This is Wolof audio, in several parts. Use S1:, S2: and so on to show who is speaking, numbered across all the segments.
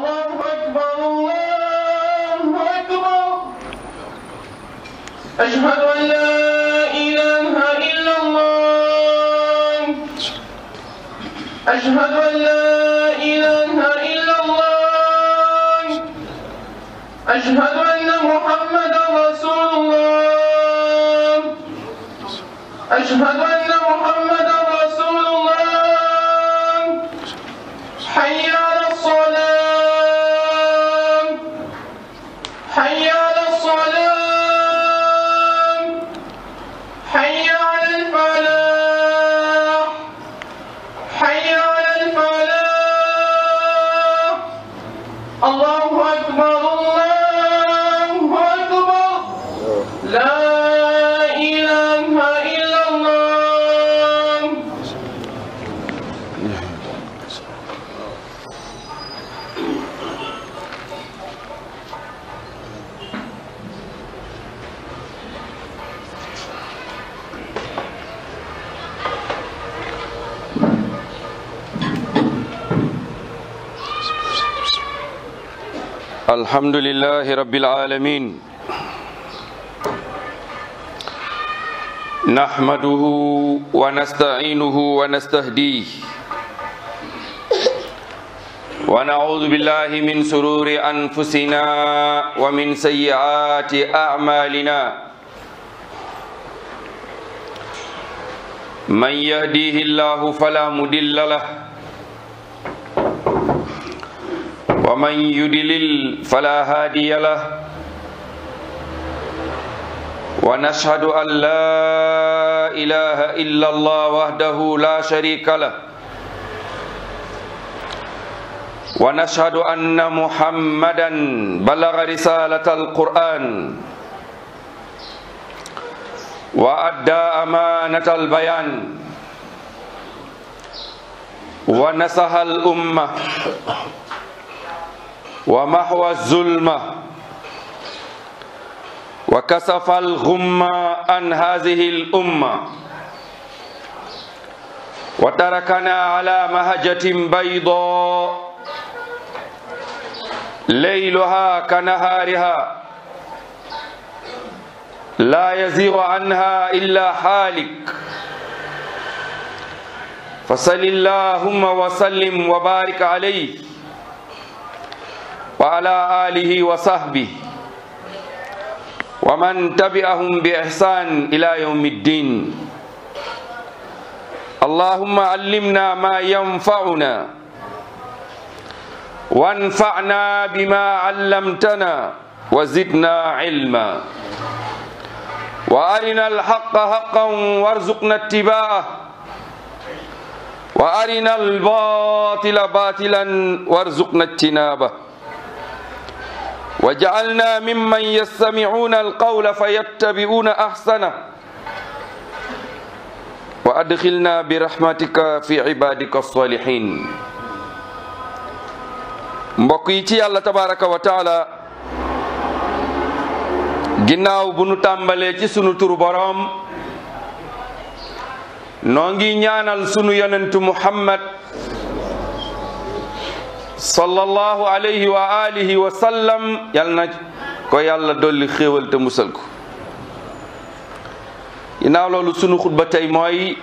S1: الله أكبر الله أكبر أشهد أن لا إله إلا الله أشهد أن لا إله إلا الله أشهد أن محمدا رسول الله أشهد أن الحمد لله رب العالمين نحمده ونستعينه ونستهديه ونعوذ بالله من سرور أنفسنا ومن سيئات أعمالنا من يهديه الله فلا مدل له ومن يدلل فلا هادي له ونشهد أن لا إله إلا الله وحده لا شريك له ونشهد أن محمدا بلغ رسالة القرآن وأدى أمانة البيان ونصح الأمة ومحو الظلمة وكسف الغم عن هذه الأمة وتركنا على مهجة بيضاء ليلها كنهارها لا يزيغ عنها إلا حالك فصل اللهم وسلم وبارك عليه وعلى آله وصحبه ومن تبعهم بإحسان إلى يوم الدين اللهم علمنا ما ينفعنا وانفعنا بما علمتنا وزدنا علما وارنا الحق حقا وارزقنا اتباعه وارنا الباطل باطلا وارزقنا اجتنابه وجعلنا ممن يستمعون القول فيتبعون احسنه وادخلنا برحمتك في عبادك الصالحين mbokk yi ci yàlla tabaraka wa taala ginnaaw bu nu tàmbalee ci sunu turu boroom noo ngi ñaanal sunu yonentu muhammad sallallahu alayhi wa alihi wa sallam ko yàlla dolli xéewal te musal ko ginnaaw loolu sunu xutba tey mooy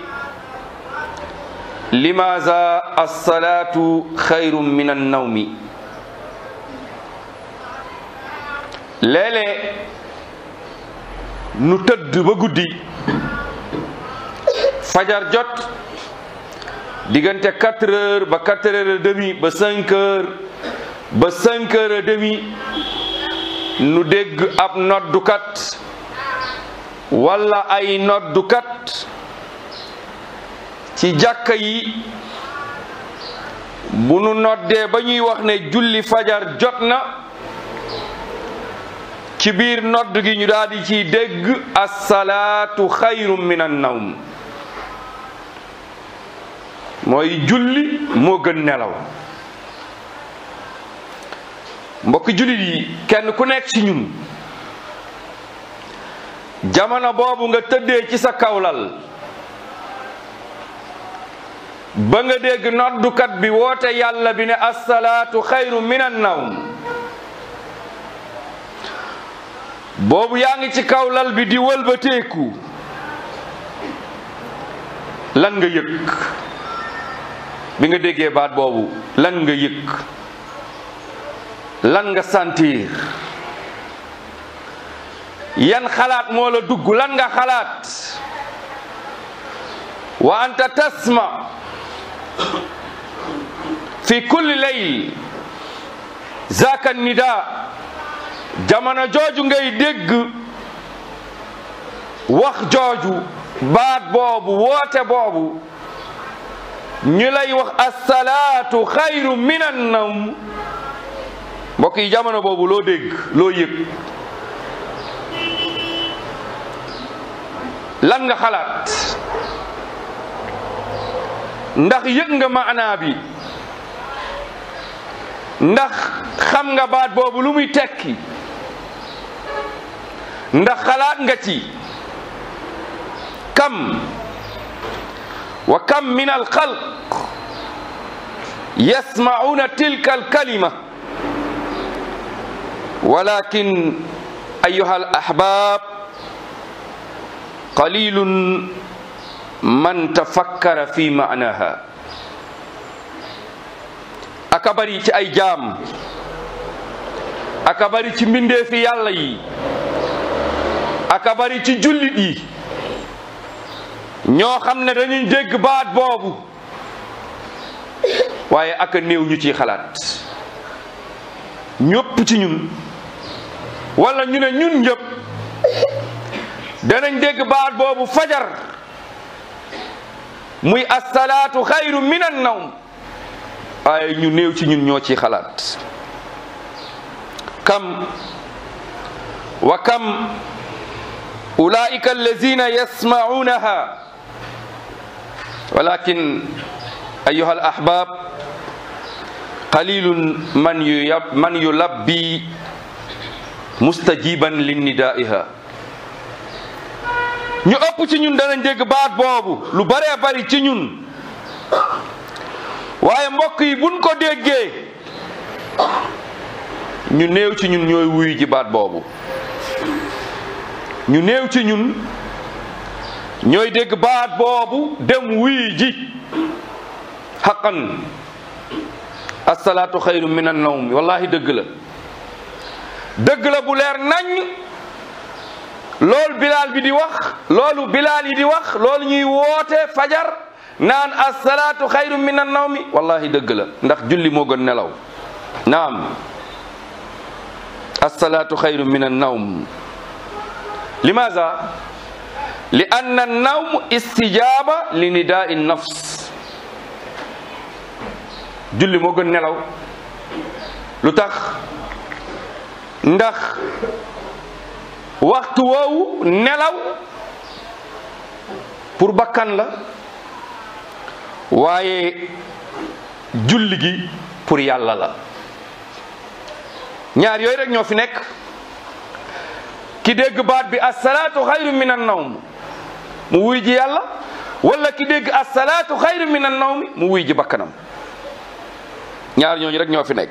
S1: limaza alsalaatu xayru min annawmi léeg-léeg nu tëdd ba guddi fajar jot diggante 4 heures ba 4 heures et demi ba 5 ba 5 demi nu dégg ab noddukat walla ay noddukat ci jàkka yi bu nu noddee ba ñuy wax ne julli fajar jot na ci biir nodd gi ñu daal di ciy dégg assalaatu xayrun min annawm mooy julli moo gën nelaw mbokk jullit yi kenn ku nekk ci ñun jamono boobu nga tëddee ci sa kawlal ba nga dégg noddukat bi woote yàlla bi ne assalaatu xayru minan nawm boobu yaa ngi ci kawlal bi di wëlbateeku lan nga yëg bi nga déggee baat boobu lan nga yëg lan nga sentir yan xalaat moola dugg lan nga xalaat wa anta tasma fi kulli layl zaaka nida jamono jooju ngay dégg wax jooju baat boobu wote boobu ñu lay wax asalaatu xayru minan nawm mbokk yi jamono boobu loo dégg loo yëg lan nga xalaat ndax yëg nga maanaa bi ndax xam nga baat boobu lu muy tekki ndax xalaat nga ci kam wa kam min alxalq yasmauna tilka alkalima walakin ayuha alahbab qalilun man tafakkara fi maanaha aka bari ci ay jaam aka bari ci mbindeefi yàlla yi aka bari ci jullit yi ñoo xam ne dañuy dégg baat boobu waaye ak a néew ñu ci xalaat ñëpp ci ñun wala ñu ne ñun ñëpp danañ dégg baat boobu fajar muy asalaatu xayru min an nawm waaye ñu néew ci ñun ñoo ci xalaat kam wa kam ulaika allazina yasmaunaha walakin ayuha al ahbab qalilun man yu yab man yulabbi mustajiban linnidaiha ñu ëpp ci ñun danañ dégg baat boobu lu baree bari ci ñun waaye mbokk yi buñ ko déggee ñu néew ci ñun ñooy wuyu ji baat boobu ñu néew ci ñun ñooy dégg baat boobu dem wuy ji xaqan asalaatu xayru min an nawm wallahi dëgg la dëgg la bu leer nañ loolu bilaal bi di wax loolu bilaal yi di wax loolu ñuy woote fajar naan asalaatu xayru min an nawmi wallahi dëgg la ndax julli moo gën nelaw naam asalaatu xayru min an nawm limaza li anna nawm istijaba li nidaai nafs julli moo gën nelaw lu tax ndax waxtu woowu nelaw pour bakkan la waaye julli gi pour yàlla la ñaar yooyu rek ñoo fi nekk ki dégg baat bi assalaatu xayru min an nawm mu wuy ji yàlla wala ki dégg asalaatu xayru min an nawmi mu wuy ji bakkanam ñaar ñooñu rek ñoo fi nekk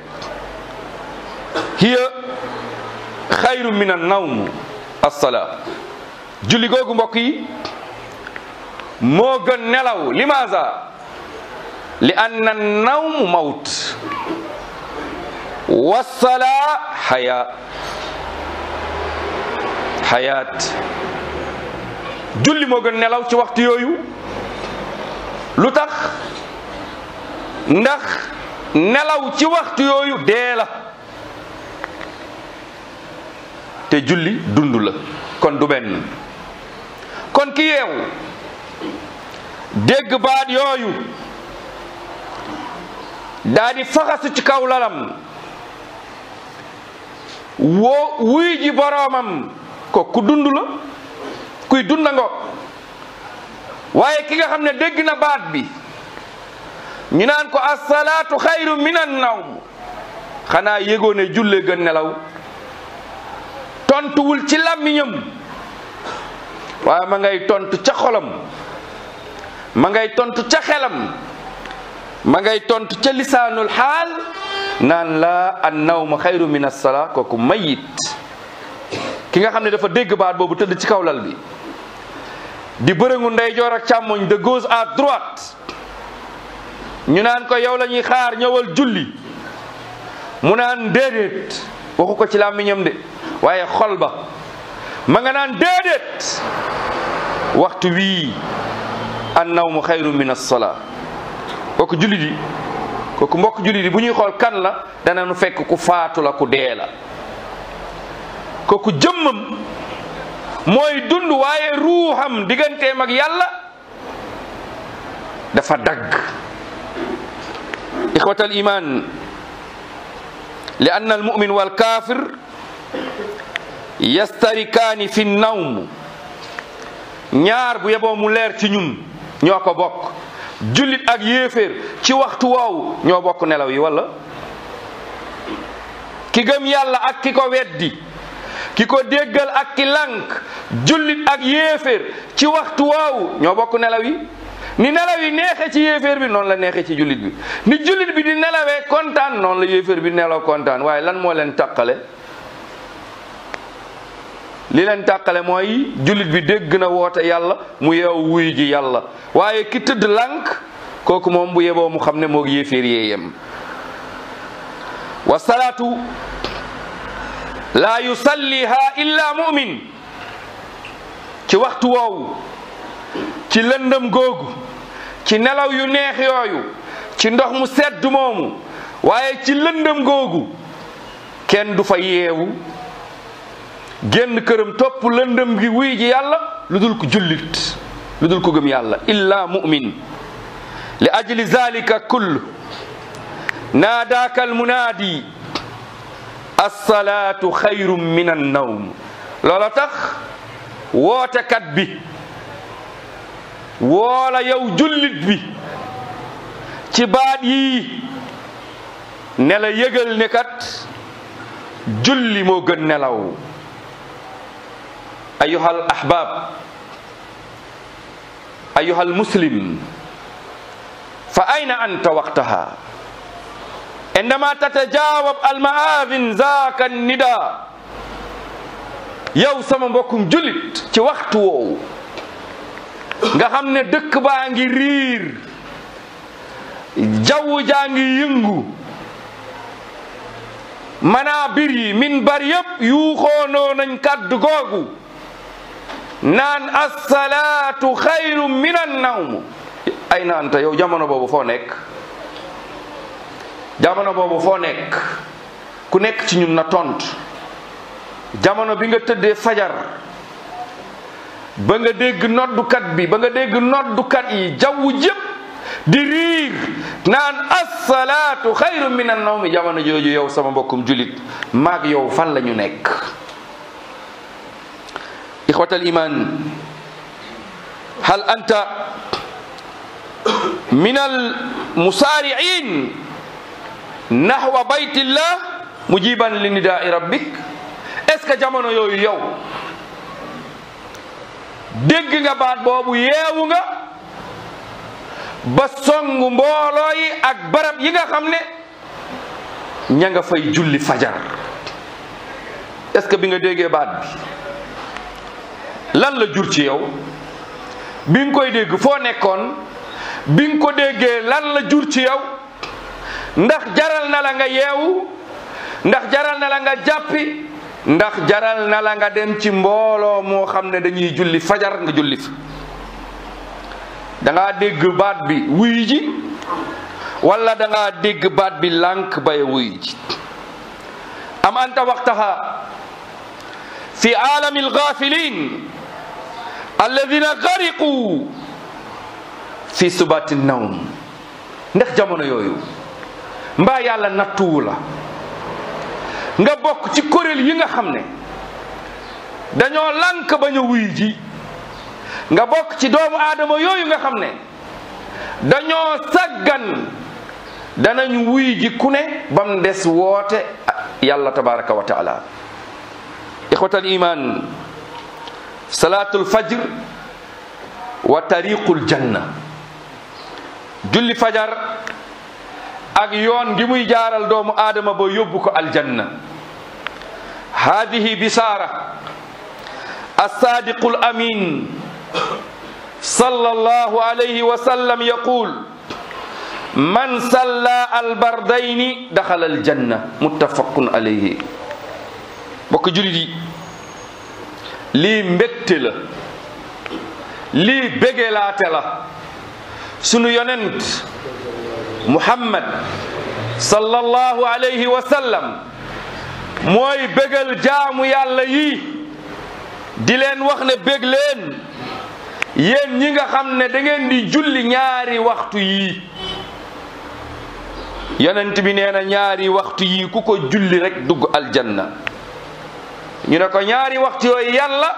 S1: hiya xayru min an nawm assalaa julli googu mbokk yi moo gën nelaw limaza li anna nawm mawt wassalaa xayaa xayaat julli moo gën nelaw ci waxtu yooyu lu tax ndax nelaw ci waxtu yooyu dee la te julli dund la kon du benn kon ki yeewu dégg baat yooyu daa di faxasu ci kaw lalam woo wuy ji boroomam ko ku dund la kuy dunda ngoog waaye ki nga xam ne dégg na baat bi ñu naan ko assalaatu xayru minan nawm xanaa yëgoo ne julle gën nelaw tontuwul ci làmmiñam waa ma ngay tontu ca xolam ma ngay tontu ca xelam ma ngay tontu ca lisaanul xaal naan la a nawmu xayru min assala kooku mayit ki nga xam ne dafa dégg baat boobu tëdd ci kaw lal bi di bërëngu ndeyjoor ak càmmoñ de gauche à troit ñu naan ko yow lañuy ñuy xaar ñëwal julli mu naan déedéet waxu ko ci làmmiñam de waaye xol ba ma nga naan déedéet waxtu wii an naw mu min as-salaa kooku julli di kooku mbokk julli di bu ñuy xool kan la dana nu fekk ku faatu la ku dee la kooku jëmmam mooy dund waaye ruuxam digganteem ak yàlla dafa dagg ixwat al iman li anna al mumin wal kafir yastarikaani fi nawm ñaar bu yeboo mu leer ci ñun ñoo ko bokk jullit ak yéeféer ci waxtu woowu ñoo bokk nelaw yi wala ki gëm yàlla ak ki ko weddi ki ko déggal ak ki lànk jullit ak yéeféer ci waxtu waawu ñoo bokk nelaw yi ni nelaw yi neexee ci yéeféer bi noonu la neexee ci jullit bi ni jullit bi di nelawee kontaan noonu la yéeféer bi nelaw kontaan waaye lan moo leen tàqale li leen tàqale mooy jullit bi dégg na woote yàlla mu yeew wuy ji yàlla waaye ki tëdd lànk kooku moom bu yeboo mu xam ne moog yéeféer yee yem wasalaatu laa yusalliha illa mumin ci waxtu woowu ci lëndëm googu ci nelaw yu neex yooyu ci ndox mu sedd moomu waaye ci lëndëm googu kenn du fa yeewu genn këram topp lëndëm gi wuy ji lu dul ko jullit lu dul ko gëm yàlla illa mumin li ajli zalika kull naadaaka almunaadi assalaatu xayrum min an nawm loola tax wootekat bi woola yow jullit bi ci baat yii ne la yëgal ne kat julli moo gën nelaw ayuhal ahbab ayuhal muslim fa ayna anta waqtaha indama tatajawab almaazin zaaka nida yow sama mbokkum jullit ci waxtu woowu nga xam ne dëkk baa ngi riir jaww jaa ngi yëngu manaa bir yi min bar yëpp yuuxoonoo nañ kàddu googu naan assalaatu xayru min annawm ay naan ta yow jamono boobu foo nekk jamono boobu foo nekk ku nekk ci ñun na tontu jamono bi nga tëddee fajar ba nga dégg noddukat bi ba nga dégg noddukat yi jawwu jëpp di riir naan assalaatu xayru min an nawmi jamono jooju yow sama mbokkum julit maag yow fan la ñu nekk ixwatal iman hal anta min al musaariin nahwa baytillah mujiban li nidaa'i rabbik est ce que jamono yooyu yow dégg nga baat boobu yeewu nga ba songu mbooloo yi ak barab yi nga xam ne ña nga fay julli fajar est ce que bi nga déggee baat bi lan la jur ci yow bi nga koy dégg foo nekkoon bi nga ko déggee lan la jur ci yow ndax jaral na la nga yeewu ndax jaral na la nga jàppi ndax jaral na la nga dem ci mbooloo moo xam ne dañuy julli fajar nga julli fa dangaa dégg baat bi wuy ji wala dangaa dégg baat bi lànk bay wuy ji am anta waxtaha fi aalami algaafilin alladina gariqu fi subati nawm ndax jamono yooyu mbaa yàlla nattuwu la nga bokk ci kuréel yi nga xam ne dañoo lànk ba a wuy ji nga bokk ci doomu aadama yooyu nga xam ne dañoo saggan danañu wuy ji ku ne bam des woote yàlla tabaraka wa taala ixwatal iman salaatul fajr wa tariqul janna julli fajar ak yoon ngi muy jaaral doomu aadama boo yóbbu ko aljanna haadihi bisaara assaadiqu alamin sallallahu alayhi wa sallam yaqul man salla albardayni daxala aljanna muttafaqun alayhi bokk julit yi lii mbégte lii bégelaate la sunu yonent muhammad sallallahu alayhi wa sallam mooy bégal jaamu yàlla yi di leen wax ne bég leen ñi nga xam ne dangeen di julli ñaari waxtu yi yonent bi nee na ñaari waxtu yi ku ko julli rek dugg aljanna ñu ne ko ñaari waxtu yooyu yàlla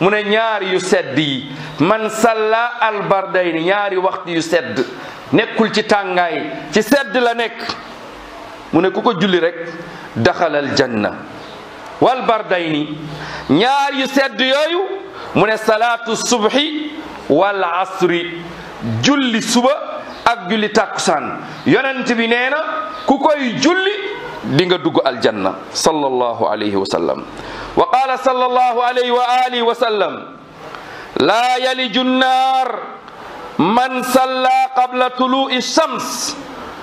S1: mu ne ñaari yu sedd yi man salla albardayni ñaari waxtu yu sedd nekkul ci tàngaay ci sedd la nekk mu ne ku ko julli rek daxalal janna wal bardayni ñaari yu sedd yooyu mu ne salaatu subhi wal asri julli suba ak julli tàkkusaan yonent bi nee na ku koy julli di nga dugg aljanna sallallahu alayhi wa sallam wa qaala sallallahu alayhi wa alihi wa sallam laa yaliju nnaar man sallaa qabla tulu'i shams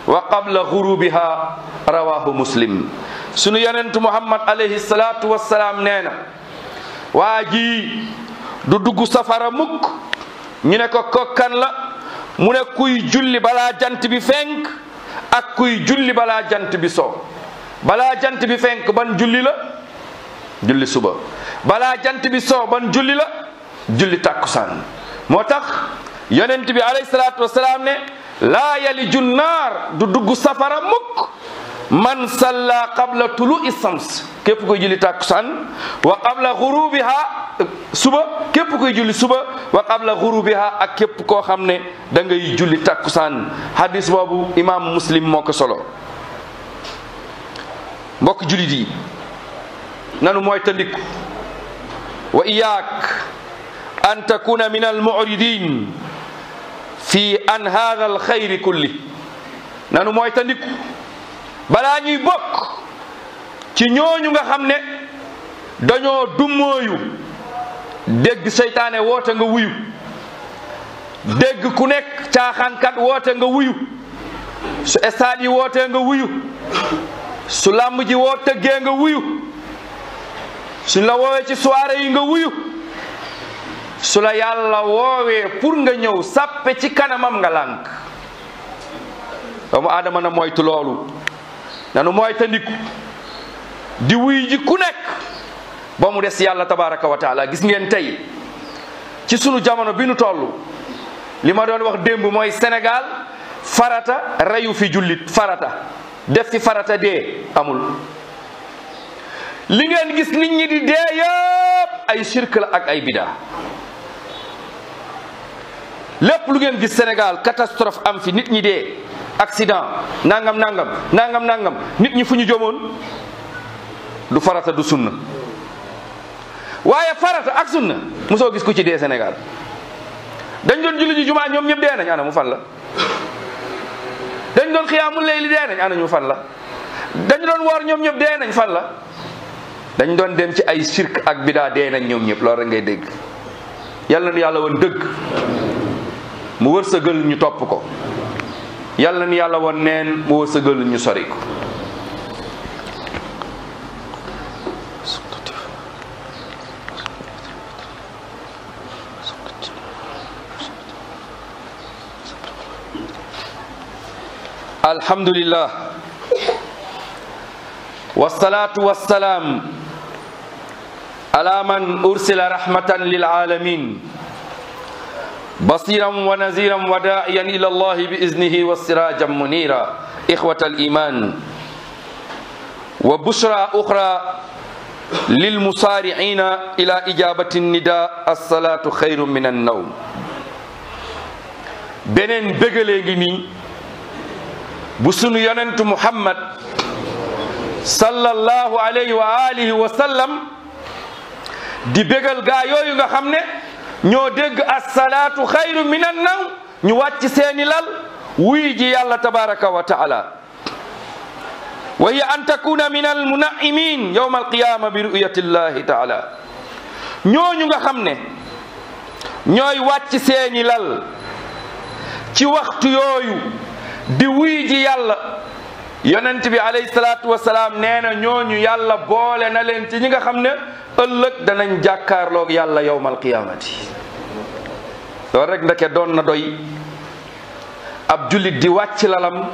S1: wa qabla gurubiha rawahu muslim sunu yonentu muhammad alayhi salaatu wassalaam nee na waa ji du dugg safara mukk ñu ne ko kokkan la mu ne kuy julli balaa jant bi fenk ak julli balaa jant bi soo balaa jant bi fenk ban julli la julli suba balaa jant bi so ban julli la julli tàkkusaan moo tax yonent bi alayhi salaatu wasalaam ne laa yaliju naar du dugg safara mukk man salla qabla tulu'i shams képp koy julli tàkkusaan wa qabla ghurubiha suba képp koy julli suba wa képp koo xam ne dangay ngay julli tàkkusaan hadis boobu imam muslim moo ko solo mbokk jullit yi nanu mooy tandiku wa iyaak an takuna min almuridin fi an hada alxayri kulli nanu mooy ta ndiku balaa ñuy bokk ci ñooñu nga xam ne dañoo dummóoyu dégg seytaane woote nga wuyu dégg ku nekk caaxaankat woote nga wuyu su stade yi wootee nga wuyu su làmb ji woo nga wuyu su la woowee ci soirée yi nga wuyu su la yàlla woowee pour nga ñëw sàppe ci kanamam nga lànk doomu aadama na moytu loolu nanu moytandiku di wuy ji ku nekk ba mu des yàlla tabaraka wa taala gis ngeen tey ci sunu jamono bi nu toll li ma doon wax démb mooy Sénégal farata reyu fi jullit farata def fi farata dee amul li ngeen gis nit ñi di dee yëpp ay shirk la ak ay bidaa lépp lu ngeen gis Sénégal catastrophe am fi nit ñi dee accident nangam nangam nangam nangam nit ñi fu ñu jomoon du farata du sunna waaye farata ak sunna mosoo gis ku ci dee Sénégal dañ doon julli ji jumaa ñoom ñëpp dee nañ ana mu fan la dañ doon xiyaamul layli dee nañ ana fan la dañ doon woor ñoom ñëpp dee nañ fan la dañ doon dem ci ay sirk ak bidaa dee nañ ñoom ñëpp loolu rek ngay dégg yàlla na yàlla woon dëgg mu wërsëgal ñu topp ko yàlla ni yàlla woon neen mu wërsëgal ñu sori ko alhamdulillah wasalaatu wasalaam ala man ursila rahmatan lil بصيرا ونذيرا وداعيا إلى الله بإذنه وسراجا منيرا إخوة الإيمان وبشرى أخرى للمصارعين إلى إجابة النداء الصلاة خير من النوم beneen bëggalee ngi nii bu sunu yonentu Muhammad sallallahu alayhi wa alihi wa sallam di bëggal gaa yooyu nga xam ne ñoo dégg assalaatu xayru minan naw ñu wàcc seeni lal wuy ji yàlla tabaraka wa taala wa hiya an takuna min al munaimin yawma alqiyama bi ru'yati llahi taala ñooñu nga xam ne ñooy wàcc seeni lal ci waxtu yooyu di wuy ji yàlla yonent bi alayhi salaatu wasalaam nee na ñooñu yàlla boole na leen ci ñi nga xam ne ëllëg danañ jàkkaarloog yàlla yowmal qiyaamati loolu rek ndeke doon na doy ab jullit di wàcc lalam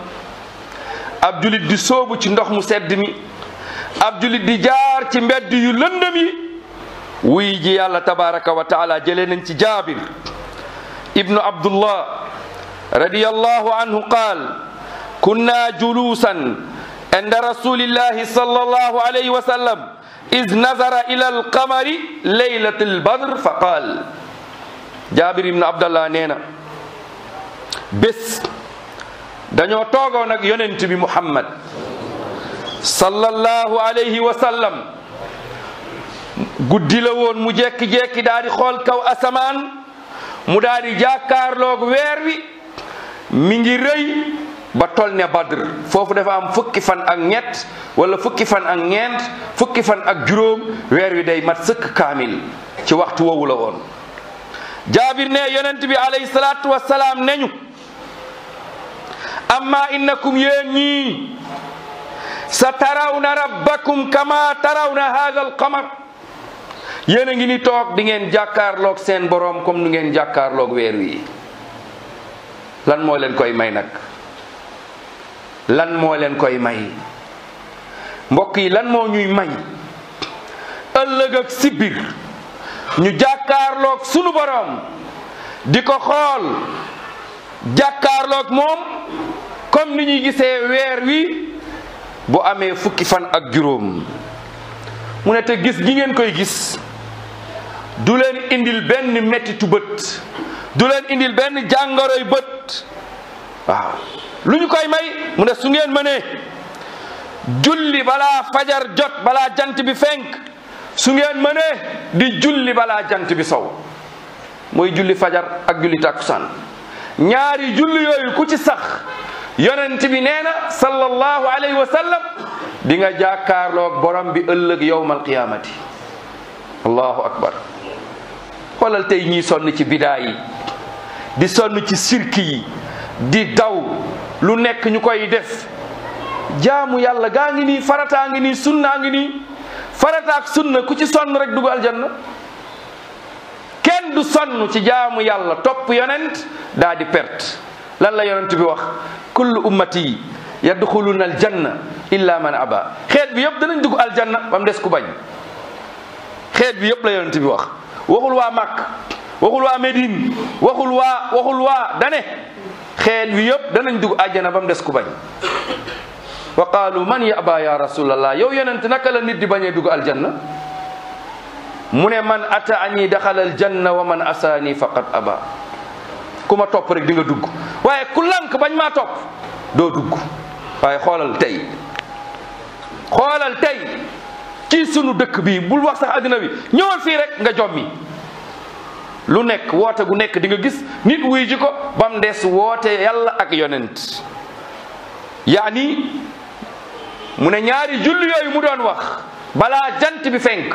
S1: ab jullit soobu ci ndox mu sedd ab jullit di jaar ci mbedd yu lëndëm yi ji yàlla tabaraka wa taala jëlee nañ ci jaabir ibnu abdullah radiyallahu anhu qaal كنا جلوسا عند رسول الله صلى الله عليه وسلم إذ نظر إلى القمر ليلة البدر فقال جابر بن عبد الله نينا بس dañoo toogoon nag yonent bi muhammad sallallahu alayhi wa sallam guddi la woon mu jekki-jekki daal di xool kaw asamaan mu daal di jàkkaarloog weer wi mi ngi ba toll ne badr foofu dafa am fukki fan ak ñett wala fukki fan ak ñeent fukki fan ak juróom weer wi day mat sëkk kaamil ci waxtu woowu la woon jaabir ne yonent bi alayhi salaatu wasalaam nañu amma innakum yéen ñii sa tarawna rabbakum kama tarawna hada alqamar yéen a ngi ni toog di ngeen jàkkaarloog seen boroom comme nu ngeen jàkkaarloog weer wi lan moo leen koy may nag lan moo leen koy may mbokk yi lan moo ñuy may ëllëg ak sibbir ñu jàkkaarloog sunu boroom di ko xool jàkkaarloog moom comme ni ñuy gisee weer wi bu amee fukki fan ak juróom mu ne te gis gi ngeen koy gis du leen indil benn mettitu bët du leen indil benn jàngoroy bët waaw lu ñu koy may mu ne su ngeen mënee julli balaa fajar jot balaa jant bi fenk su ngeen mënee di julli balaa jant bi sow mooy julli fajar ak julli san ñaari julli yooyu ku ci sax yonent bi neena na sallallahu alayhi wa sallam di nga jàkkaarloog borom bi ëllëg yowmal qiyaamati allahu akbar xoolal tey ñiy sonn ci bidaa yi di sonn ci sirki yi di daw lu nekk ñu koy def jaamu yàlla gaa ngi nii farataa ngi nii sunnaa ngi nii farataak sunna ku ci sonn rek dugg aljanna kenn du sonn ci jaamu yàlla topp yonent daa di perte lan la yonent bi wax kullu ummati yadxuluna aljanna illa man aba xeet bi yëpp danañ dugg aljanna ba des ku bañ xeet bi yëpp la yonent bi wax waxul waa Màkk waxul waa Médine waxul waa waxul waa dane xeet wi yëpp danañ dugg àjjana ba mu des ku bañ wa qaalu man yaba ya rasulallah yow yonent naka la nit di bañee dugg aljanna mu ne man ata ani daxal aljanna wa man asaani faqad aba ku ma topp rek di nga dugg waaye ku lànk bañ maa topp doo dugg waaye xoolal tey xoolal tey ci sunu dëkk bi bul wax sax addina bi ñëwal fii rek nga jommi lu nekk woote gu nekk di nga gis nit wuy ji ko ba woote yàlla ak yonent yaani mu ne ñaari julli yooyu mu doon wax balaa jant bi fenk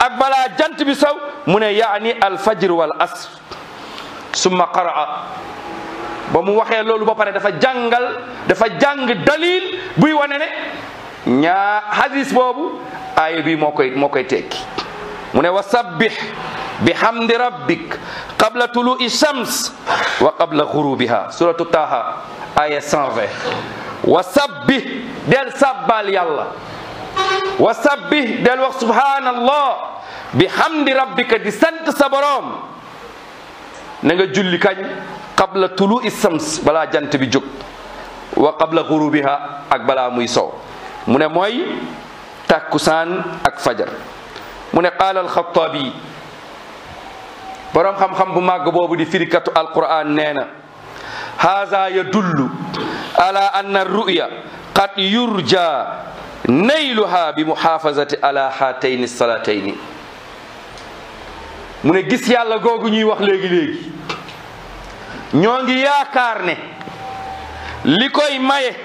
S1: ak balaa jant bi saw mu ne yaani alfajr wal asr summa qaraa ba mu waxee loolu ba pare dafa jàngal dafa jàng dalil buy wane ñaa hadis boobu aaya bi moo koy moo koy tekki mu ne wa sabbih bi hamdi rabbik qabla tulu'i shams wa qabla ghurubiha suratu taha aya 120 wa sabbih del sabbal yàlla wa sabbih del wax subhanallah bi hamdi rabbika di sant sa boroom na nga julli kañ qabla tulu'i shams balaa jant bi jóg wa qabla ghurubiha ak balaa muy sow mu ne mooy takkusaan ak fajar mu ne qaala alxataabi boroom xam-xam bu màgg boobu di firikatu alquran nee na haza yadullu ala anna ruya qad yurja nayluha bi muhafazati ala hatayni salatayni mu ne gis yàlla googu ñuy wax léegi-léegi ñoo ngi yaakaar ne li koy maye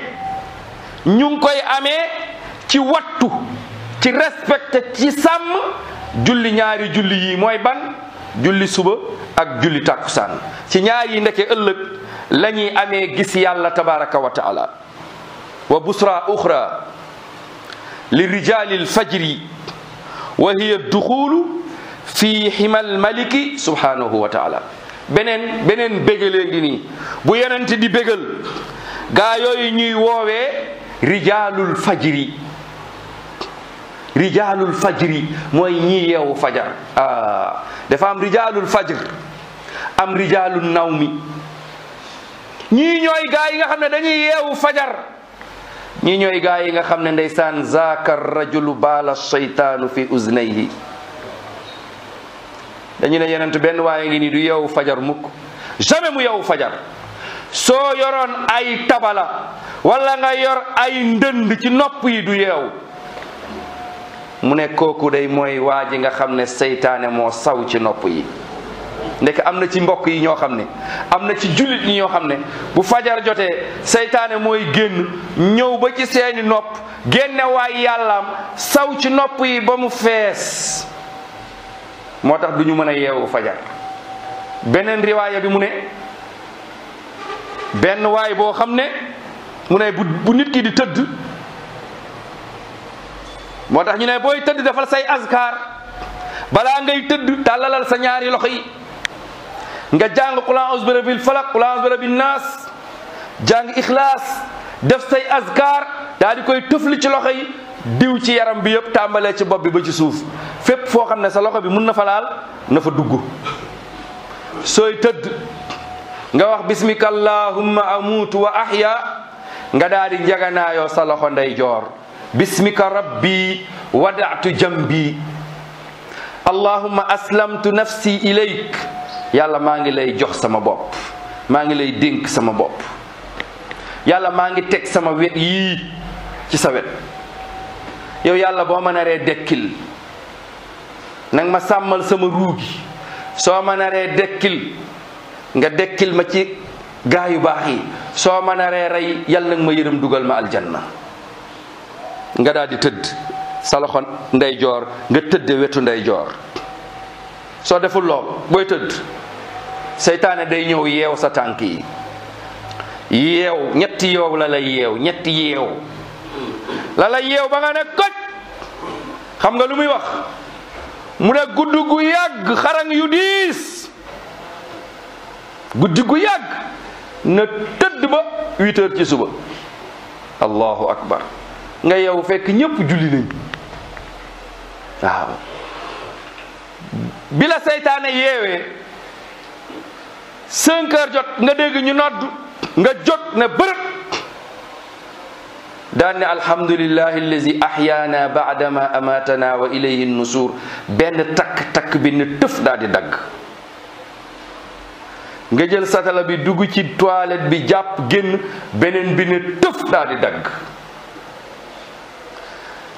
S1: ñu ngi koy ame ci wattu ci respecté ci sàmm julli ñaari julli yi mooy ban julli suba ak julli tàkkusaan ci ñaar yi ndeke ëllëg lañuy ñuy amee gis yàlla tabaraka wa taala wa busra uxra li rijali lfajri wa hiya duxulu fi himal maliki subhanahu wa taala beneen beneen bégalee bu yenente di bégal gaa yooyu ñuy woowee rijalul fajri rijaalul fajri mooy ñi yeewu fajar ah, dafa am rijaalul fajr am rijaalul nawmi ñii ñooy gaa yi nga xam ne dañuy yeewu fajar ñii ñooy gaa yi nga xam ne ndeysaan zaaka rajulu baala shaytaanu fi uznayhi dañu ne yenentu benn waay ngi ni du yeewu fajar mukk jamais mu yeewu fajar soo yoroon ay tabala wala nga yor ay ndënd ci nopp yi du yeewu mu ne kooku day mooy waa ji nga xam ne seytaane moo saw ci nopp yi ndek am na ci mbokk yi ñoo xam ne am na ci jullit yi ñoo xam ne bu fajar jotee seytaane mooy génn ñëw ba ci seeni nopp génnewaay yàlla yàllaam saw ci nopp yi ba mu fees moo tax du ñu mën a yeewu fajar beneen riwaaya bi mu ne benn waay boo xam ne mu ne bu nit ki di tëdd moo tax ñu ne booy tëdd defal say azkar balaa ngay tëdd tàllalal sa ñaari loxo yi nga jàng qul a'uuzu bi rabbil falaq qul a'uuzu naas jàng ixlaas def say azkar daal di koy tëfli ci loxo yi diw ci yaram bi yëpp tàmbalee ci bopp bi ba ci suuf fépp foo xam ne sa loxo bi mun na fa laal na fa dugg sooy tëdd nga wax bismika allahumma amuutu wa ahya nga daal di sa loxo ndey joor bismika rabbi wadatu jambi allahumma aslamtu nafsi ilayk yàlla maa ngi lay jox sama bopp maa ngi lay dénk sama bopp yàlla maa ngi teg sama wet yii ci sa wet yow yàlla boo ma naree dekkil nang ma sàmmal sama ruugi soo ma ree dekkil nga dekkil ma ci gaayu baax yi soo ma ree rey yàlla nag ma yërëm dugal ma aljanna nga daal di tëdd sa loxo ndeyjoor nga tëdd wetu ndeyjoor soo deful lool booy tëdd seytaane day ñëw yeew sa tànk yi yeew ñetti yeew la la yeew ñetti yeew la yeew ba nga ne koj xam nga lu muy wax mu ne gudd gu yàgg xaran yu diis guddi gu yàgg na tëdd ba huit ci suba allahu akbar nga yow fekk ñépp julli nañ waaw bi la seytaane yeewee cinq jot nga dégg ñu nodd nga jot ne bërët daan ne alhamdulillahi allazi baadama amatana wa ilayhi nusuur benn takk takk bi ne tëf daal dagg nga jël satala bi dugg ci toilette bi jàpp génn beneen bi ne tëf daal dagg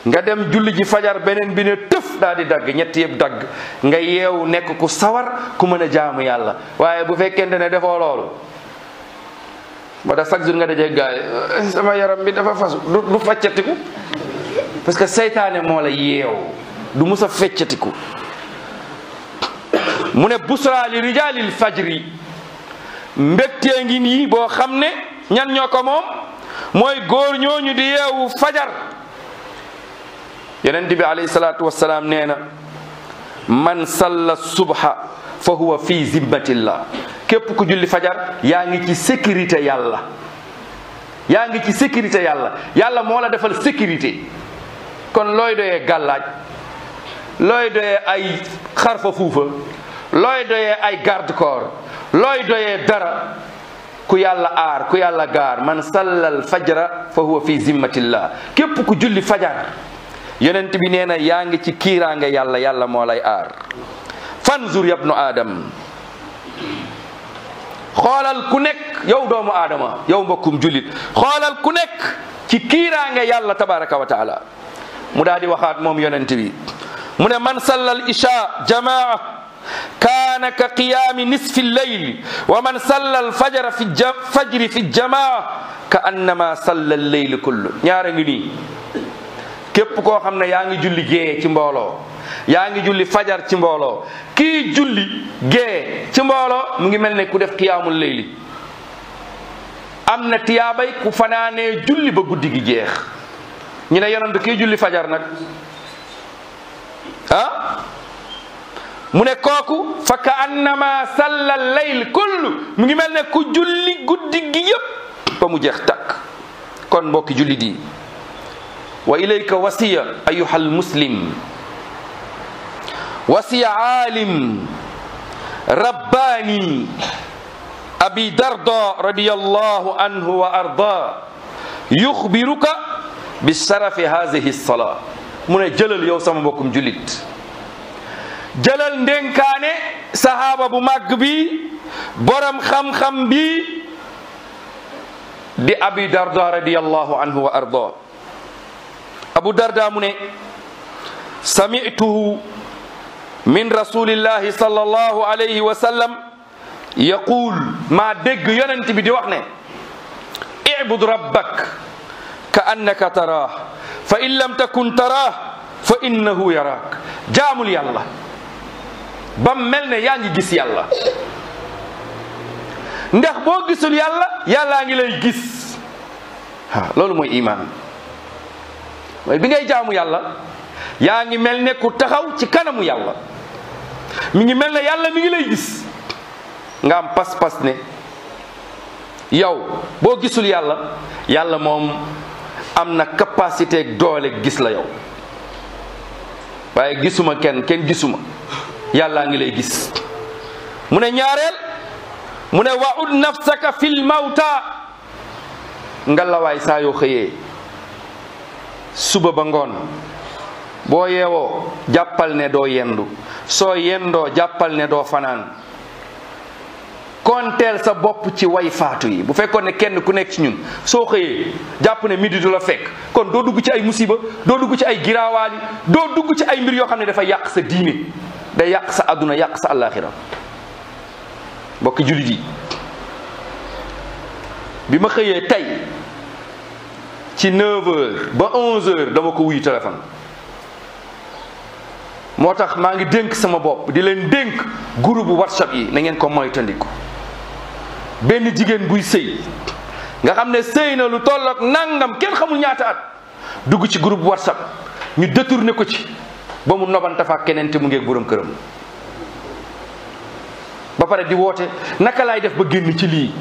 S1: nga dem julli ji fajar beneen bi ne tëf daal dagg ñetti yëpp dagg nga yeewu nekk ku sawar ku mën a jaamu yàlla waaye bu fekkente ne defoo loolu ba da chaque jour nga dajee gaay eh, sama yaram bi dafa fasu du feccatiku parce que seytaane moo la yeewu du mus feccatiku mu ne busra li rijaalil fajri mbégtee ngi nii boo xam ne ñan ñoo ko moom mooy góor ñooñu di yeewu fajar yonent bi alayhi salaatu wassalaam nee na man salla subha fa huwa fi zimmatillah képp ku julli fajar yaa ngi ci sécurité yàlla yaa ngi ci sécurité yàlla yàlla moo la defal sécurité kon looy doyee gàllaaj looy doyee ay xarfa fuufa looy doy ay garde looy doyee dara ku yàlla aar ku yàlla gaar man sallal fajra fa huwa fi zimmatillah képp ku julli fajar yonent bi nee na yaa ngi ci kiiraange yàlla yàlla moo lay aar fanzur yabnu aadam xoolal ku nekk doomu aadama yow mbokkum jullit xoolal ku nekk ci kiiraange yàlla tabaraka wa taala mu daal di waxaat moom yonent bi mu ne man sallal isha jamaa kaana ka qiyaami nisfi llayl wa man sallal fajara fi fajri fi jamaa ka annama sallal kullu ñaara ngi nii képp koo xam ne yaa ngi julli géeye ci mbooloo yaa ngi julli fajar ci mbooloo kii julli gée ci mbooloo mu ngi mel ne ku def qiyaamul layli am na tiyaabay ku fanaanee julli ba guddi gi jeex ñu ne yonent kii julli fajar nag ah mu ne kooku fa ka annama salla layl kullu mu ngi mel ne ku julli guddi gi yépp ba mu jeex takk kon mbokki julli di wa ilayka wasiya ayuhal muslim wasiya aalim rabbaani abi darda radiyallahu anhu wa arda yuxbiruka bi sharafi haadihi salaa mu ne jëlal yow sama mbokkum jullit jëlal ndénkaane sahaaba bu màgg bi borom xam-xam bi di abi darda radiyallahu anhu wa arda abu darda mu ne samituhu min rasulillahi sallallahu alayhi wa sallam yaquul maa dégg yonent bi di wax ne ibud rabbak ka annaka taraah fa in lam takun taraah fa innahu yaraak jaamul yàlla ba mel ne yaa ngi gis yàlla ndax boo gisul yàlla yàllaa ngi lay gis loolu mooy iman mooy bi ngay jaamu yàlla yaa ngi mel ne ku taxaw ci kanamu yàlla mi ngi mel ne yàlla mu ngi lay gis nga am pas-pas ne yow boo gisul yàlla yàlla moom am na capacité doole gis la yow waaye gisuma kenn kenn gisuma yàllaa ngi lay gis mu ne ñaareel mu ne wa ud nafsaka fil mawta saa yoo xëyee suba ba ngoon boo yeewoo jàppal ne doo yendu soo yendoo jàppal ne doo fanaan konteel sa bopp ci way faatu yi bu fekkoon ne kenn ku nekk ci ñun soo xëyee jàpp ne midi du la fekk kon doo dugg ci ay musiba doo dugg ci ay giraawaali doo dugg ci ay mbir yoo xam ne dafa yàq sa diine day yàq sa àdduna yàq sa àllaaxira mbokki jullit yi bi ma xëyee tey ci 9h ba 11h dama ko wuy téléphone moo tax maa ngi dénk sama bopp di leen dénk groupe whatsapp yi nangeen ko moytandiku benn jigéen buy sëy nga xam ne sëy na lu tollook nangam kenn xamul ñaata at dugg ci groupe whatsapp ñu détourné ko ci ba mu nobanta fa keneen te mu ngeeg borom këram ba pare di woote naka laay def ba génn ci lii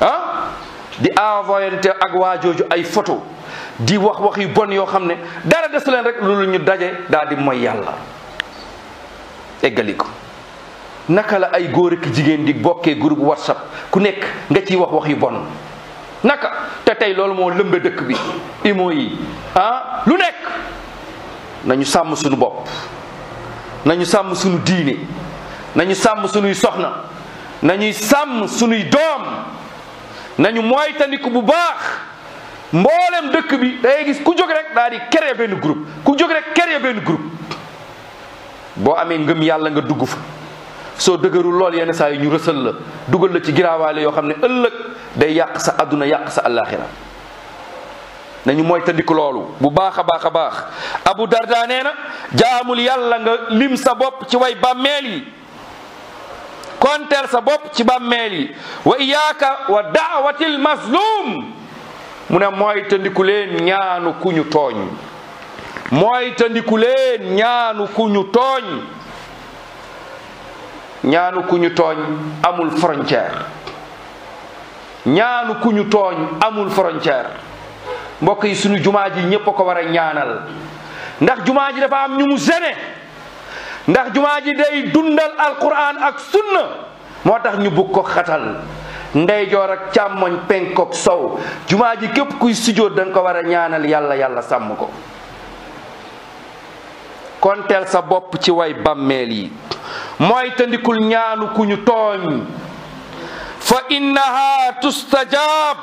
S1: ah di envoyante ak waa jooju ay photo di wax wax yu bon yoo xam ne dara des leen rek loolu ñu daje daal di mooy yàlla eggali ko naka la ay góor ak jigéen di bokkee groupe whatsapp ku nekk nga ciy wax wax yu bon naka te tey loolu moo lëmba dëkk bi imo yi ah lu nekk nañu sàmm suñu bopp nañu sàmm suñu diine nañu sàmm suñuy soxna nañuy sàmm suñuy doom nañu mooy tandiku bu baax mboolem dëkk bi dangay gis ku jóg rek daal di créer benn groupe ku jóg rek créer benn groupe boo amee ngëm yàlla nga dugg fa soo dëgërul lool yenn saa yi ñu rësal la dugal la ci giraawaale yoo xam ne ëllëg day yàq sa àdduna yàq sa àllaaxira nañu mooy tandiku loolu bu baax a baax a baax abu darda nee na jaamul yàlla nga lim sa bopp ci way bàmmeel yi konteel sa bopp ci bàmmeel yi wa iyaaka wa daawatil mazlum mu ne mooy tandiku leen ñaanu ku ñu tooñ mooy tandiku leen ñaanu ku ñu tooñ ñaanu ku ñu tooñ amul frontière ñaanu ku ñu tooñ mbokk yi suñu jumaa ji ñépp a ko war a ñaanal ndax jumaa ji ñu mu sene ndax jumaa ji day dundal alquran ak sunna moo tax ñu bugg ko xatal ndeyjoor ak càmmoñ penkook sow jumaa ji képp kuy sujjóot dañ ko war a ñaanal yàlla yàlla sàmm ko konteel sa bopp ci way bàmmeel yi mooy tandikul ñaanu ku ñu tooñ fa innaha tustajaab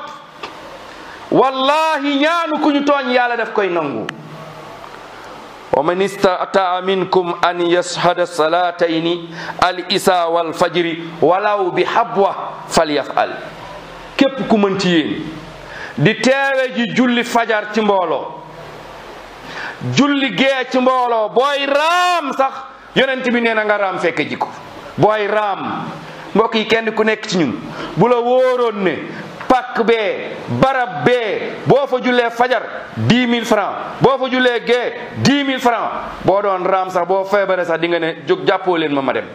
S1: wallahi ñaanu ku tooñ yàlla def koy nangu ومن استطاع منكم أن يشهد الصلاتين الإساء والفجر ولو بحبوة فليفعل képp ku mën ci di teewe ji julli fajar ci mbooloo julli gee ci mbooloo booy raam sax yonent bi nee na nga raam fekk ji ko booy raam mbokk yi kenn ku nekk ci ñun bula la pàkk bee barab bee boo fa jullee fajar dix mille francs boo fa jullee gee dix mille francs boo doon raam sax boo feebaree sax di nga ne jóg jàppoo leen ma ma dem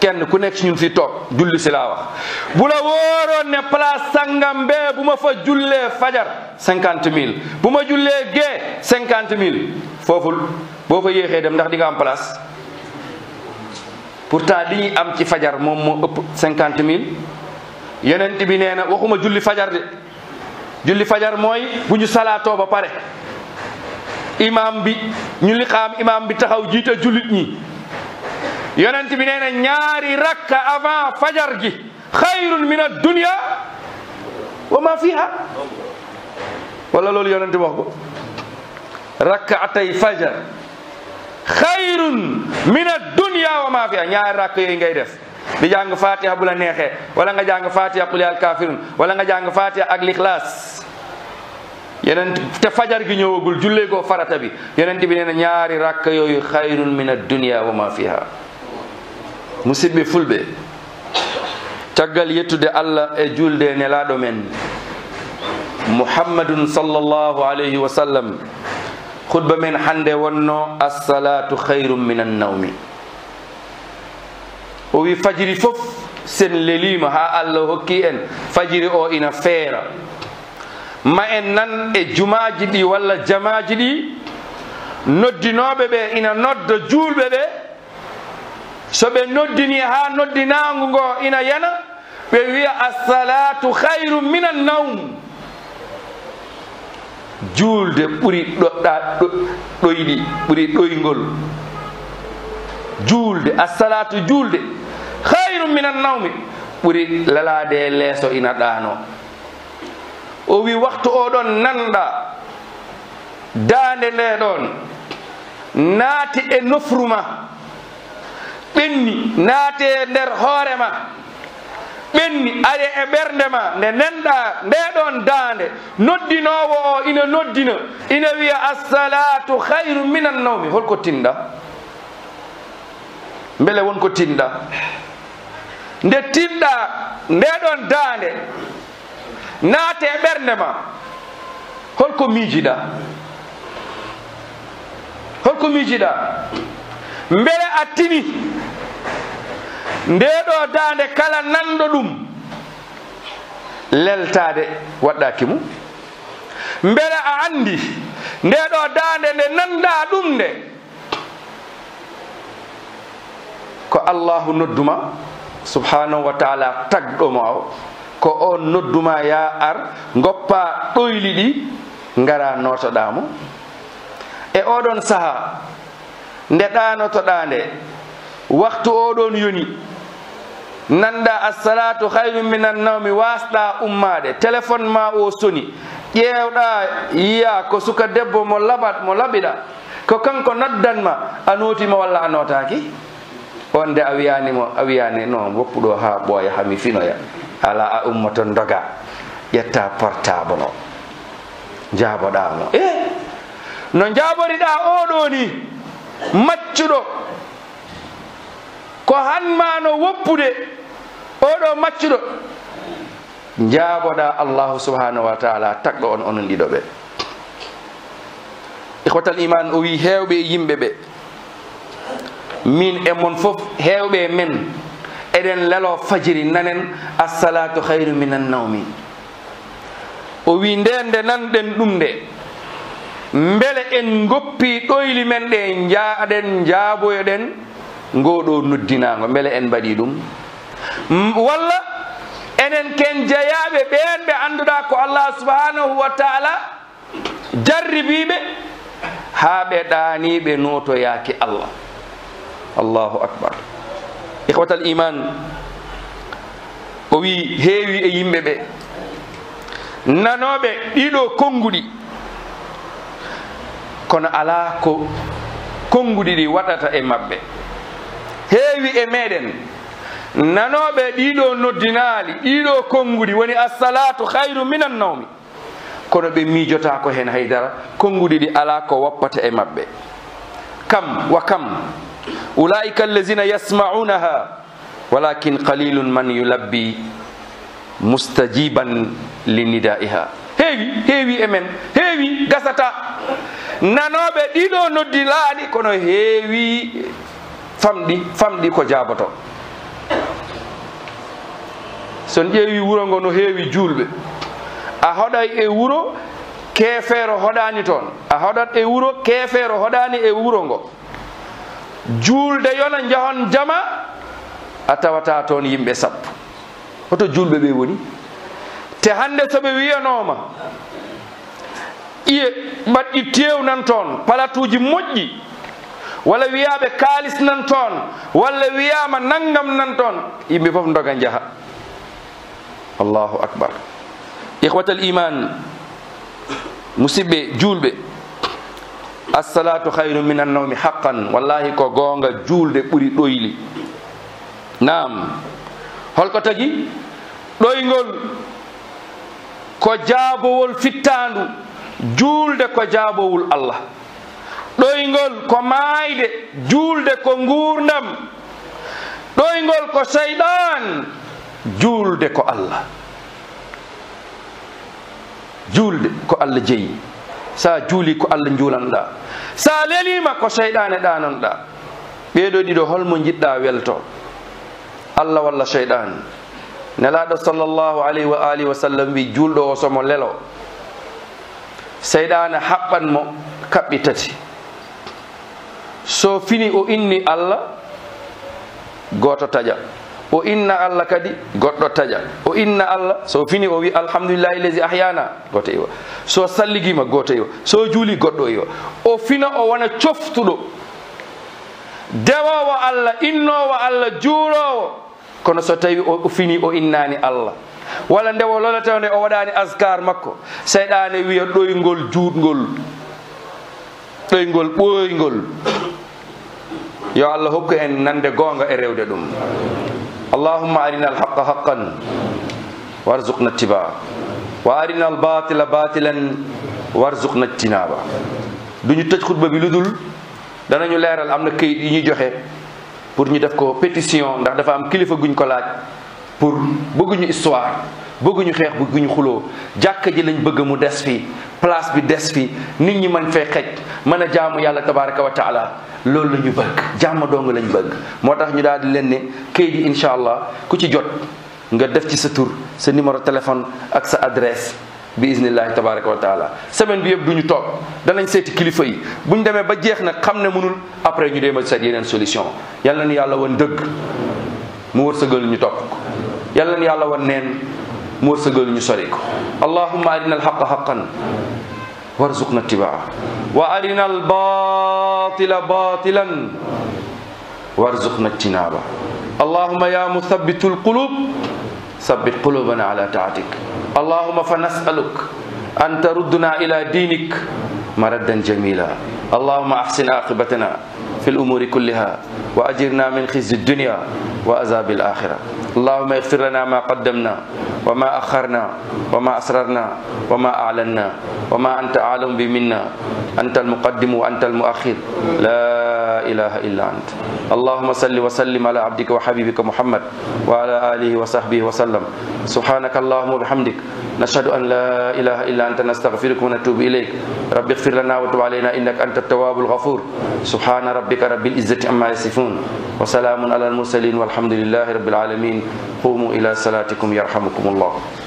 S1: kenn ku nekk si ñun fi toog julli si laa wax bu la wóoroon ne place sangam bee bu ma fa jullee fajar cinquante mille bu ma jullee gee cinquante mille foofu boo fa yéexee dem ndax di nga am place pourtant li ñuy am ci fajar moom moo ëpp cinquante mille yonent bi nee na waxuma julli fajar de julli fajar mooy bu ñu ba pare imaam bi ñu liqaam imaam bi taxaw jiita jullit ñi yonent bi nee na ñaari rakka avant fajar gi xayrun min ad-dunya wa ma fiha wala loolu yonent wax ko rakka atay fajar xayrun min ad-dunya wa ma fiha ñaari rakk yooyu ngay def di jàng fatiha bu la neexee wala nga jàng fatiha qul al-kafirun wala nga jàng fatiha ak lixlaas yeneen te fajar gi ñëwagul jullee koo farata bi yeneen bi nee na ñaari rakk yooyu xayrun min ad-dunya wa ma fiha musidɓe fulɓe caggal yettude allah e julde nelaɗo men muhammadun sallllahu alayhi wa sallam khutba men hannde wonno assalatu khayrum min annawmi o fajiri fof sen lelima ha allah hokki en fajiri o ina feera ma nan e jumaji walla jamaji noddinoɓe ɓe ina nodda julɓe ɓe so noddini ha noddinagu ngo ina yana ɓe wiya assalatu hayru min annawm juulde ɓuri ɗoɗɗa ɗoyɗi ɓuri ɗoygol juulde assalatu juulde hayrum minan nawmi ɓuri lalade leeso ina ɗano o wi waktu oɗon nanɗa dande ndeɗon naati e nofru ma ɓenni naate nder hoore ma ɓenni ari e ɓernde ma nde nenɗa ndeɗon daande noddinowo o ina noddina ina wiya assalatu hayru minan nawmi holko tinɗa beele wonko tinɗa nde tinɗa ndeɗon daande naate e ɓernde ma holko miijiɗa holko miijiɗa ndeɗo dande kala nanɗo ɗum leltade waɗɗaki mum beele a andi ndeɗo dande nde nanda ɗum nde ko allahu nodduma subhanahu wa taala tagɗomo o ko on nodduma ya ar goppa ɗoyli ɗi ngara e oɗon saaha nde ɗanotoɗa nde waktu oɗon yoni nanda assalatu hayrum minan nawmi wasɗa ummade téléphone ma o soni ƴeewɗa yiya ko suka debbo mo laɓat mo laɓiɗa ko kanko noddanma a notima walla a notaki on de a wiyanimo a wiyani non woppuɗo ha ɓooya hami finoya ala a umma ton doga ƴetta portable o jaboɗamo e no jaboriɗa oɗo ni maccuɗo ko hanma no woppude oɗo maccuɗo jaaboɗa allahu subhanahu wa taala on onon ɗiɗo ɓe hewɓe e yimɓe ɓe min e mon fof hewɓe men eɗen lelo fajiri nanen assalatu hayru minan nawmi o wi nden nanɗen ɗum nde beele en goppi ɗoyli men ɗe jaaɗen ngoɗo noddinago beele en mbaɗi Mm, walla enen ken jeyaɓe ɓe annduɗa ko allah subhanahu wa jarribiɓe ha ɓe ɗaniɓe notoyaki allah allahu akbar ihwatal iman o wi heewi e yimɓe ɓe nanoɓe ɗiɗo konnguɗi kono ala ko konnguɗi ɗi waɗata e maɓɓe heewi e meɗen nanoɓe ɗiɗo noddinali ɗiɗo konngudi woni assalatu hayru minan nawmi kono ɓe miijota hen haydara konngudi ɗi ala ko wappata e maɓɓe kam wa kam ulaika allazina yasmaunaha walakin qalilun man yulabbi mustajiban linidaiha heewi heewi e men heewi gasata nanoɓe ɗiɗo noddilaaɗi kono heewi famɗi famɗi ko jaboto son ƴeewi wuro ngo no heewi julɓe a hoɗay e wuro keefeero hoɗaani toon a hoɗat e wuro keefeero hoɗaani e wuro ngo juulde yona njahon jama a tawata toon yimɓe sappo hoto julɓe ɓe woni te hannde so ɓe wiyanoma iye mbaɗɗi tewnan toon palatuji moƴƴi walla wiyaɓe kalis nan toon walla wiyama naggam yimɓe foof doga jaaha allahu akbar ihwatal iman musidɓe julɓe assalatu hayru min annawmi haqqan wallahi ko goonga juulde ɓuri ɗoyli nam holko ɗoygol ko jaabowol fittandu juulde ko jaabowol allah ɗoygol ko maayde juulde ko nguurdam ɗoygol ko seyɗan juulde ko allah juulde ko allah jeeyi sa juuli ko allah juulanɗa sa lelima ko cheyɗane ɗananɗa ɓeeɗo ɗiɗo holmo jiɗɗa welto allah walla cheyɗan nelaɗo sallllahu alayhi wa wi juulɗo o somo lelo seyɗane haɓɓanmo kaɓɓi tati so fini o inni allah goto taƴa o inna allah kadi goɗɗo taƴa o inna allah so fini o wi alhamdulillahi leydi ahyana goto iwa so salligima goto iwa so juuli o fina o wona coftuɗo dewowo allah innowo allah juurowo kono so tawi o fini o innani allah walla nde o nde o waɗani askar makko seyɗane wiya ɗoygol juutgol ɗoygol ɓooygol yo allah hokku en nande goonga e rewde ɗum allahumma arina alxaqa xaqan warzuqna tibaa wa arina albatila batilan warzuqna tinaaba du ñu tëj xutba bi lu dul danañu leeral am na këyit yi ñuy joxe pour ñu def ko pétition ndax dafa am kilifa guñ ko laaj pour bëgguñu histoire bëgguñu xeex ñu xuloo jàkka ji lañ bëgg mu des fi place bi des fi nit ñi mën fee xej mën a jaamu yàlla tabaraka wa taala loolu la ñu bëgg jàmm dong lañu bëgg moo tax ñu daal di leen ne kayit yi incha allah ku ci jot nga def ci sa tur sa numéro téléphone ak sa adresse bi iznillahi tabaraka wa taala semaine bi yëpp du ñu toog danañ seeti kilifa yi bu ñu demee ba jeex nag xam ne mënul après ñu ma seet yeneen solution yàlla na yàlla wan dëgg mu wërsëgal ñu topp yàlla na yàlla mu wërsëgal ñu sori ko allahumma arina alxaqa xaqan warzuqna tibaa wa arina albatila batilan warzuqna tinaaba allahumma ya muthabitu alqulub thabbit qulubana ala taatik allahumma fa nasaluk an tarudduna ila diinik maradan jamila allahumma ahsin aqibatana في الأمور كلها وأجرنا من خزي الدنيا وعذاب الآخرة اللهم اغفر لنا ما قدمنا وما أخرنا وما أسررنا وما أعلنا وما أنت أعلم بمنا أنت المقدم وأنت المؤخر لا إله إلا أنت اللهم صل وسلم على عبدك وحبيبك محمد وعلى آله وصحبه وسلم سبحانك اللهم وبحمدك نشهد أن لا إله إلا أنت نستغفرك ونتوب إليك رب اغفر لنا وتب علينا إنك أنت التواب الغفور سبحان ربك rabbika rabbil izzati amma yasifun wa salaamun ala al mursalin walhamdulillahi rabbil alamin qumu ila salatikum yarhamukum allah